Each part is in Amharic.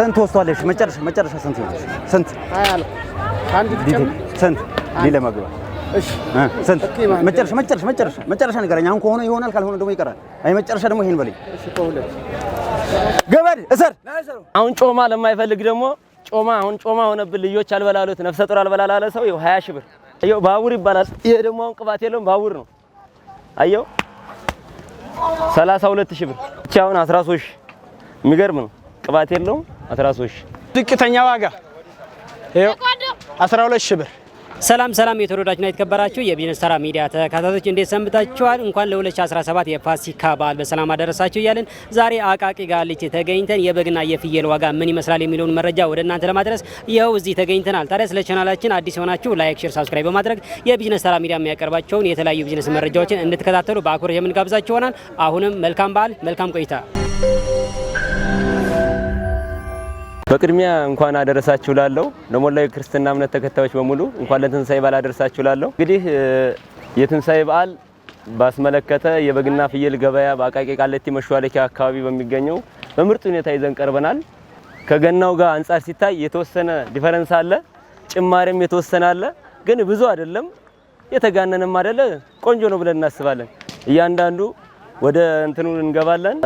ስንት ወስቷለሽ? መጨረሻ መጨረሻ ስንት ይሆናል? ስንት ስንት ሌላ ስንት መጨረሻ መጨረሻ መጨረሻ መጨረሻ ንገረኝ። አሁን ከሆነ ይሆናል፣ ካልሆነ ደግሞ ይቀራል። አይ መጨረሻ ደግሞ ይሄን በለኝ። ገበድ እሰር። አሁን ጮማ ለማይፈልግ ደግሞ ጮማ አሁን ጮማ ሆነብን። ልጆች አልበላሉት፣ ነፍሰ ጡር አልበላላለ ሰው ይኸው ሀያ ሺህ ብር ይኸው ባቡር ይባላል። ይሄ ደግሞ አሁን ቅባት የለውም ባቡር ነው። አየው ሰላሳ ሁለት ሺህ ብር ብቻ አሁን አስራ ሦስት ሺህ የሚገርም ነው። ቅባት የለውም አትራሶሽ ሺህ ዝቅተኛ ዋጋ ይኸው 12 ሺህ ብር። ሰላም ሰላም የተወደዳችሁና የተከበራችሁ የቢዝነስ ተራ ሚዲያ ተከታታዮች እንዴት ሰንብታችኋል? እንኳን ለ2017 የፋሲካ በዓል በሰላም አደረሳችሁ እያለን ዛሬ አቃቂ ቃሊቲ ተገኝተን የበግና የፍየል ዋጋ ምን ይመስላል የሚለውን መረጃ ወደ እናንተ ለማድረስ ይኸው እዚህ ተገኝተናል። ታዲያ ስለ ቻናላችን አዲስ የሆናችሁ ላይክ፣ ሼር፣ ሳብስክራይብ በማድረግ የቢዝነስ ተራ ሚዲያ የሚያቀርባቸውን የተለያዩ ቢዝነስ መረጃዎችን እንድትከታተሉ በአክብሮት የምንጋብዛችሁ ይሆናል። አሁንም መልካም በዓል፣ መልካም ቆይታ በቅድሚያ እንኳን አደረሳችሁ ላለው ለሞላው ክርስትና እምነት ተከታዮች በሙሉ እንኳን ለትንሳኤ በዓል አደረሳችሁ ላለው። እንግዲህ የትንሳኤ በዓል ባስመለከተ የበግና ፍየል ገበያ በአቃቂ ቃሊቲ መሿለኪያ አካባቢ በሚገኘው በምርጥ ሁኔታ ይዘን ቀርበናል። ከገናው ጋር አንጻር ሲታይ የተወሰነ ዲፈረንስ አለ፣ ጭማሪም የተወሰነ አለ። ግን ብዙ አይደለም፣ የተጋነነም አይደለ። ቆንጆ ነው ብለን እናስባለን። እያንዳንዱ ወደ እንትኑ እንገባለን።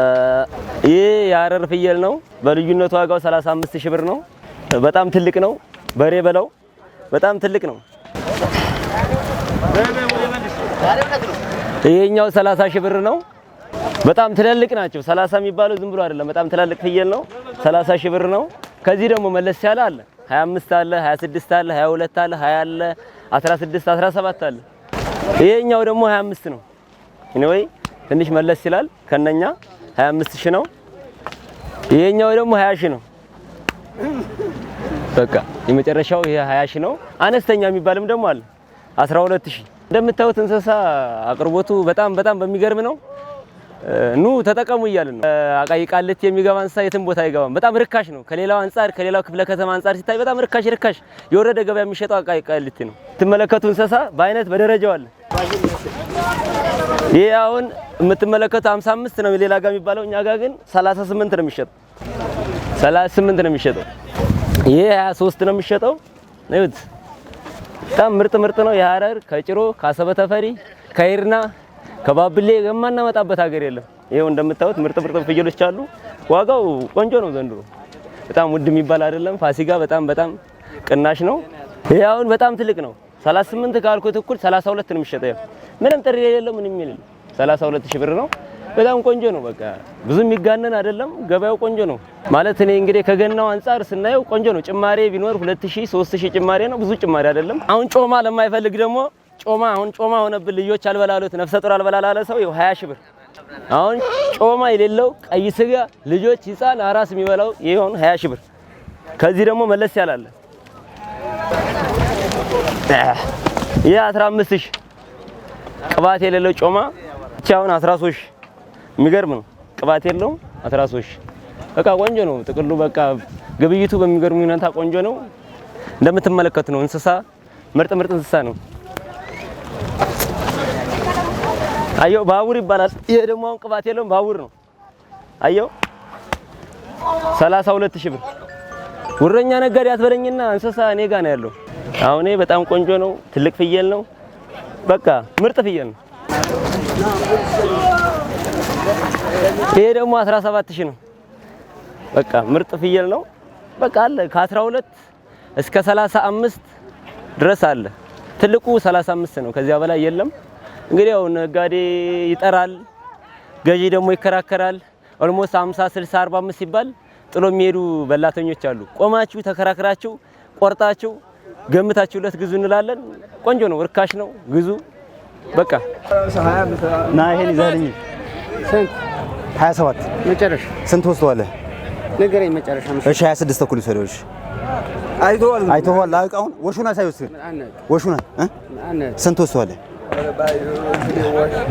ይህ የሀረር ፍየል ነው። በልዩነት ዋጋው 35 ሺህ ብር ነው። በጣም ትልቅ ነው። በሬ በለው በጣም ትልቅ ነው። ይሄኛው 30 ሺህ ብር ነው። በጣም ትላልቅ ናቸው። 30 የሚባለው ዝም ብሎ አይደለም። በጣም ትላልቅ ፍየል ነው። 30 ሺህ ብር ነው። ከዚህ ደግሞ መለስ ያለ አለ 25 አለ 26 አለ 22 አለ 20 አለ 16 17 አለ። ይሄኛው ደግሞ 25 ነው። እኔ ወይ ትንሽ መለስ ይላል ከነኛ 25 ሺህ ነው። ይሄኛው ደግሞ 20 ሺህ ነው። በቃ የመጨረሻው ይሄ 20 ሺህ ነው። አነስተኛ የሚባልም ደግሞ አለ 12 ሺህ። እንደምታዩት እንስሳ አቅርቦቱ በጣም በጣም በሚገርም ነው። ኑ ተጠቀሙ እያልን ነው። አቃቂ ቃሊቲ የሚገባ እንስሳ የትም ቦታ አይገባም። በጣም ርካሽ ነው። ከሌላው አንጻር ከሌላው ክፍለ ከተማ አንጻር ሲታይ በጣም ርካሽ ርካሽ የወረደ ገበያ የሚሸጠው አቃቂ ቃሊቲ ነው። የምትመለከቱ እንስሳ በአይነት በደረጃው አለ። ይሄ አሁን የምትመለከቱ 55 ነው ሌላ ጋር የሚባለው፣ እኛ ጋር ግን 38 ነው የሚሸጠው። 38 ነው የሚሸጠው። ይሄ 23 ነው የሚሸጠው። ነውት በጣም ምርጥ ምርጥ ነው። የሀረር ከጭሮ ተፈሪ ከይርና ከባብሌ የማናመጣበት ሀገር የለም። ይሄው እንደምታዩት ምርጥ ምርጥ ፍየሎች አሉ። ዋጋው ቆንጆ ነው ዘንድሮ፣ በጣም ውድ የሚባል አይደለም። ፋሲካ በጣም በጣም ቅናሽ ነው። ይሄ አሁን በጣም ትልቅ ነው። 38 ካልኩት እኩል 32 ነው የሚሸጠው። ምንም ጥሪ የሌለው ምንም የሚል 32 ሺህ ብር ነው። በጣም ቆንጆ ነው። በቃ ብዙ የሚጋነን አይደለም። ገበያው ቆንጆ ነው ማለት እኔ እንግዲህ ከገናው አንጻር ስናየው ቆንጆ ነው። ጭማሬ ቢኖር 2000 3000 ጭማሬ ነው። ብዙ ጭማሬ አይደለም። አሁን ጮማ ለማይፈልግ ደግሞ ጮማ አሁን ጮማ ሆነብን። ልጆች አልበላሉት ነፍሰ ጡር አልበላላለ ሰው ይኸው 20 ሺህ ብር አሁን ጮማ የሌለው ቀይ ስጋ ልጆች ህፃን አራስ የሚበላው ይሁን 20 ሺህ ብር። ከዚህ ደግሞ መለስ ያላለ ይህ 15 ሺህ ቅባት የሌለው ጮማ አሁን 13 ሺህ የሚገርም ነው። ቅባት የለውም 13 ሺህ በቃ ቆንጆ ነው። ጥቅሉ በቃ ግብይቱ በሚገርም ሁኔታ ቆንጆ ነው። እንደምትመለከቱ ነው። እንስሳ ምርጥ ምርጥ እንስሳ ነው። አየው ባቡር ይባላል። ይሄ ደግሞ አሁን ቅባት የለውም ባቡር ነው። አየው 32000 ብር። ጉረኛ ነጋዴ አትበለኝና እንስሳ እኔ ጋ ነው ያለው። አሁን በጣም ቆንጆ ነው። ትልቅ ፍየል ነው። በቃ ምርጥ ፍየል ነው። ይሄ ደግሞ 17000 ነው። በቃ ምርጥ ፍየል ነው። በቃ አለ ከ12 እስከ 35 ድረስ አለ። ትልቁ 35 ነው። ከዚያ በላይ የለም። እንግዲህ ያው ነጋዴ ይጠራል፣ ገዢ ደግሞ ይከራከራል። ኦልሞስት 50 60 45 ሲባል ጥሎ የሚሄዱ በላተኞች አሉ። ቆማችሁ ተከራክራችሁ ቆርጣችሁ ገምታችሁለት ግዙ እንላለን። ቆንጆ ነው፣ እርካሽ ነው፣ ግዙ። በቃ ና ይሄን ይዘህልኝ። ስንት? 27 መጨረሻ። ስንት ወስደዋለህ? ንገረኝ መጨረሻ። እሺ 26 ተኩል ይሰደው። እሺ አይተዋል፣ አይተዋል። አቃውን ወሹና ሳይወስድ ወሹና ስንት ወስደዋለህ?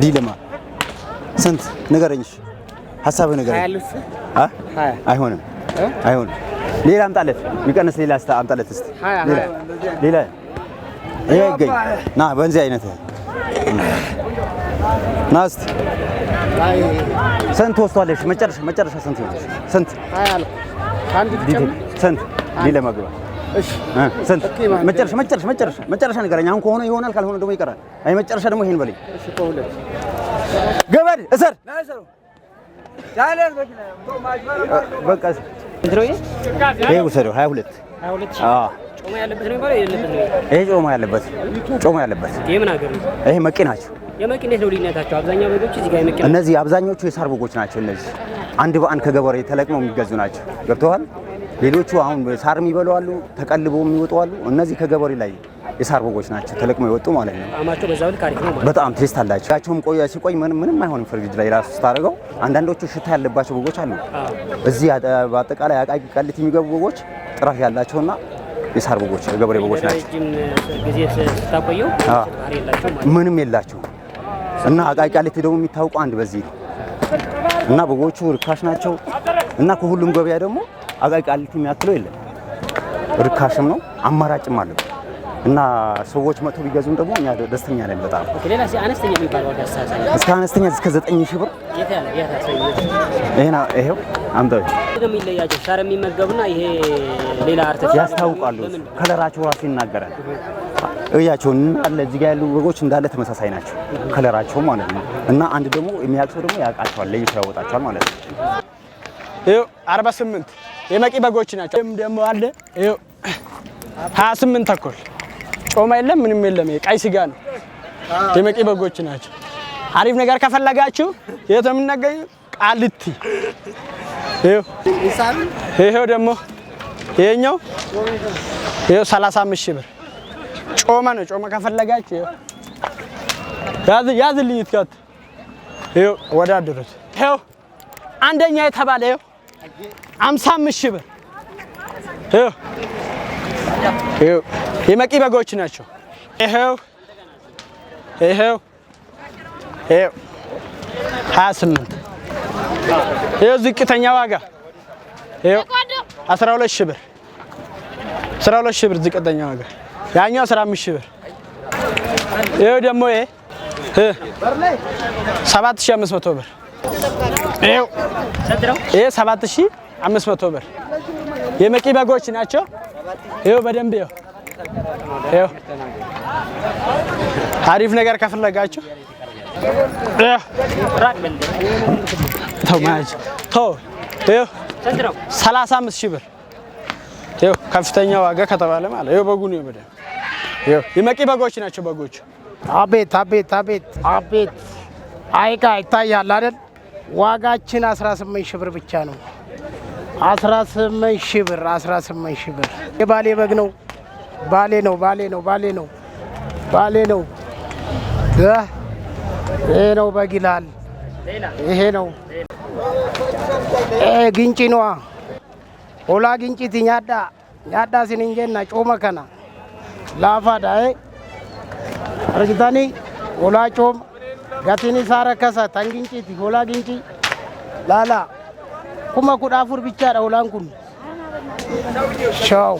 ዲለማ ስንት ንገረኝ። እሺ ሀሳብህ ንገረኝ። አይሆንም፣ አይሆንም ሌላ አምጣለት ይቀንስ። ሌላ እስታ አምጣለት እስቲ ሌላ ሌላ ይሄ ይገኝ ና በእንዚህ አይነት ና እስቲ ስንት ወስቷለሽ? መጨረሻ መጨረሻ ስንት ይሆናል? ስንት ስንት ሌላ መግባት እሺ ስንት መጨረሻ መጨረሻ መጨረሻ መጨረሻ ንገረኝ። አሁን ከሆነ ይሆናል፣ ካልሆነ ደግሞ ይቀራል። አይ መጨረሻ ደግሞ ይሄን በለኝ። እሺ ከሁለት ገበሬ እሰር በቃ ይሄ ውሰዱ። ሁለት ይሄ ጮማ ያለበት ጮማ ያለበት ይሄ መቄ ናቸው። እነዚህ አብዛኞቹ የሳር በጎች ናቸው። እነዚህ አንድ በአንድ ከገበሬ ተለቅመው የሚገዙ ናቸው። ገብተዋል። ሌሎቹ አሁን ሳር የሚበሉ አሉ፣ ተቀልበው የሚወጡ አሉ። እነዚህ ከገበሬ ላይ የሳር በጎች ናቸው ተለቅመው የወጡ ማለት ነው። በጣም ቴስት አላቸው። ያቸውም ቆያ ሲቆይ ምንም አይሆንም። ፍሪጅ ላይ ራሱ ስታደርገው አንዳንዶቹ ሽታ ያለባቸው በጎች አሉ። እዚህ በአጠቃላይ አቃቂ ቃሊቲ የሚገቡ በጎች ጥራት ያላቸውና የሳር በጎች የገበሬ በጎች ናቸው። ምንም የላቸው እና አቃቂ ቀሊት ደግሞ የሚታወቀው አንድ በዚህ ነው እና በጎቹ ርካሽ ናቸው እና ከሁሉም ገበያ ደግሞ አቃቂ ቀሊት የሚያክለው የለም። ርካሽም ነው፣ አማራጭም አለው። እና ሰዎች መጥቶ ቢገዙም ደግሞ እኛ ደስተኛ ነን በጣም እስከ አነስተኛ እስከ ዘጠኝ ሺህ ብር ይኸው አምጣው ያስታውቃሉ። ከለራቸው ራሱ ይናገራል። እያቸው እንዳለ እዚህ ጋር ያሉ በጎች እንዳለ ተመሳሳይ ናቸው ከለራቸው ማለት ነው። እና አንድ ደግሞ የሚያቅሰው ደግሞ ያውቃቸዋል፣ ለይቶ ያወጣቸዋል ማለት ነው። ይኸው 48 የመቂ በጎች ናቸው። ደግሞ አለ ይኸው 28 ተኩል ጮማ የለም ምንም የለም። ቀይ ስጋ ነው። የመቂ በጎች ናቸው። አሪፍ ነገር ከፈለጋችሁ የት ነው የምናገኘው? ቃልቲ። ይሄው ደግሞ ይሄኛው ይሄው 35 ሺህ ብር ጮማ ነው። ጮማ ከፈለጋችሁ ይሄው ያዝ ያዝ ልኝት ካት ይሄው ወዳደሩት ይሄው አንደኛ የተባለ ይሄው 55 ሺህ ብር ይሄው የመቂ በጎች ናቸው። ይሄው ይሄው ይሄው 28 ይሄው ዝቅተኛ ዋጋ ይሄው 12 ሺህ ብር 12 ሺህ ብር ዝቅተኛ ዋጋ። ያኛው 15 ሺህ ብር ይሄው ደግሞ ይሄ መቶ ብር ይሄው ይሄ መቶ ብር የመቂ በጎች ናቸው። ይሄው በደንብ ይሄው አሪፍ ነገር ከፈለጋችሁ ሰላሳ አምስት ሺህ ብር ከፍተኛ ዋጋ ከተባለ ማለት ይኸው በጉን በደምብ የመቂ በጎች ናቸው። በጎች አቤት አቤት አቤት አቤት አይቃ ይታያል አይደል? ዋጋችን 18 ሺህ ብር ብቻ ነው። 18 ሺህ ብር 18 ሺህ ብር የባሌ በግ ነው። ባሌ ነው ባሌ ነው ባሌ ነው ባሌ ነው። ይሄ ነው በጊላል ይሄ ነው ግንጭ ነው። ሆላ ግንጭቲ ኛዳ ኛዳ ሲንንጀና ጮመ ከና ላፋዳ አርጊታኒ ሆላ ጮም ጋቲኒ ሳረ ከሳ ታንግንጭቲ ሆላ ግንጭ ላላ ኩማ ኩዳፉር ብቻ ዳ ሆላን ኩን ሻው